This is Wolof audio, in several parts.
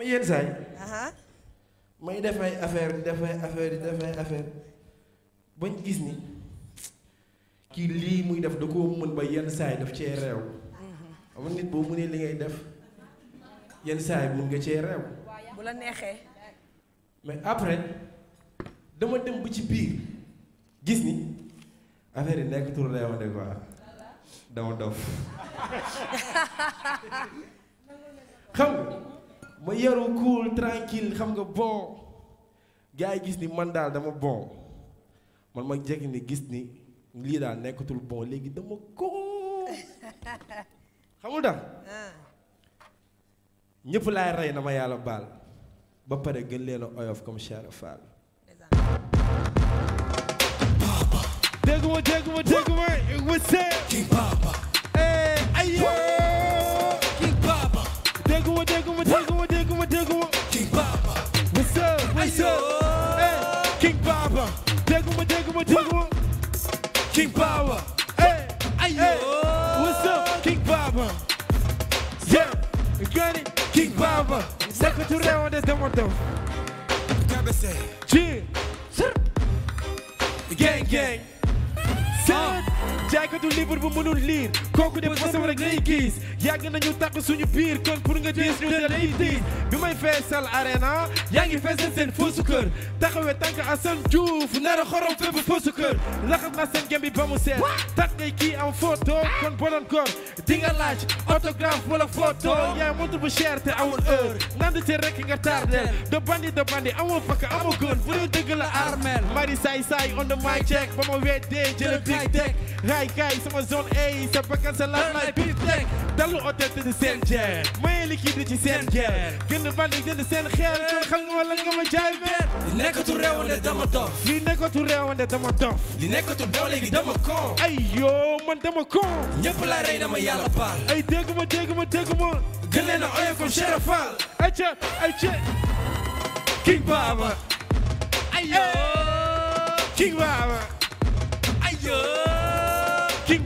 ma yenn saa yi may def ay affaire di def ay affaire di def affaire bañ gis ni kii lii muy def da koo mën ba yenn saa yi daf cee réew xam nga nit boo mënee li ngay def yenn saa yi nga cee réew bu la neexee mais après dama dem ba ci biir gis ni affaire yi nekk tur réewande quoi dama dof xam ma yaru cool tranquille xam nga bon gaa yi gis ni man daal dama bon man ma jekki ni gis ni lii daal nekkatul bon léegi dama ko xamul tax ñëpp laay rey na ma yàlla baal ba pare gën leen oyof comme Cheikh Fall dégguma dégguma dégguma wësee King Baba dégguma dégguma dégguma King Baba hey ay hey. King Baba yeah des demonto kabese ci sir gang gang ah. sir jaaykatu livre bu mënul liir kooku de posam rek lay gis yàgg nañu tàq suñu biir kon pour nga diis ñu de lay diis bi may feesal arena yaa ngi feesal seen foosu kër taxawee tànk Assane Diouf nara xorom fépp foosu kër laxas na seen gembi ba mu seet tax ngay kii am photo kon bonoon koor di nga laaj autographe wala photo yaa moto bu cher te awul heure nandi te rek nga tardel de bandi de bandi amoo fakk amoo gën bu dee armel mari saay saay on the mic kaay kaay sama zone A sa bakkan sa laaj laay biir teg dalu hôtel tëdd seen jeer maye liquide ci seen jeer gën a bandi gën seen xeer kon xam nga wala nga ma jaay beer li nekkatu réewande dama dof li nekkatu réewande dama dof li nekkatu daw léegi dama kon ay yoo man dama kon ñëpp laa rey dama yàlla baal ay dégg ma dégg ma dégg ma gën leen a oyo comme Cherafal ay ca ay ca King Baba ay yoo King Baba ay yoo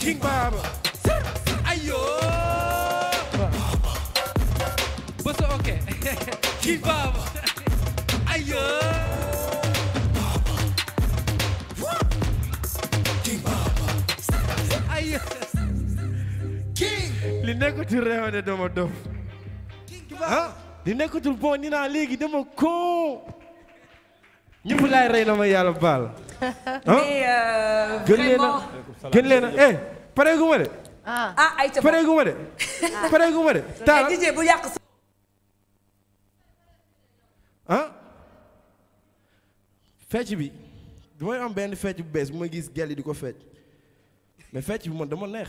King Baba ayo Baba ok King Baba ayo Baba li nekkatul rewane dama dof ah li nekkatul bon ni naa léegi dama ko ñëpp laay rey ma yàlla baal mais euh, vraiment gën leen eh pare gu ma de. ah gu ma de. pare gu ma de. taal bu yàq sa. fecc bi damay am benn fecc bu bees bu ma gis gel yi di ko fecc mais fecc bi man dama neex.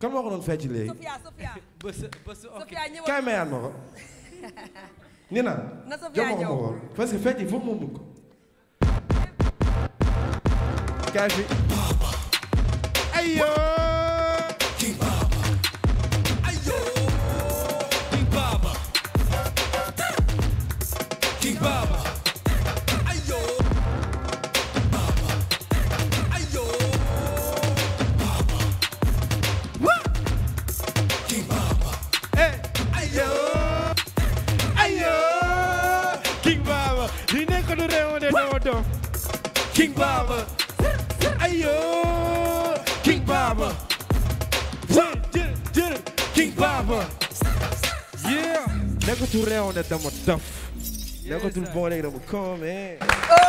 kan moo ko doon fecc léegi. Sophia Sophia. bës bës ok kaay mayaat ma ko. ni na. na Sophia ñëw jox ma ko parce que fecc yi foofu moo mën engagé. Euh. King Baba. King Baba. King Baba. King Baba. King Baba. Li nekk lu réew King Baba. ayo King Baba one two three King Baba yeah nekkatul réew ne dama daf nekkatul boole dama koome eh. eh. euh,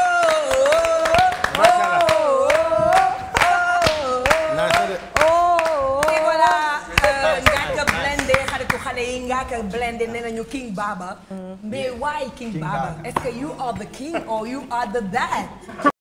Ngaaka Blindé King Baba. Mm. mais why King Baba? Est-ce you are the king or you are the dad?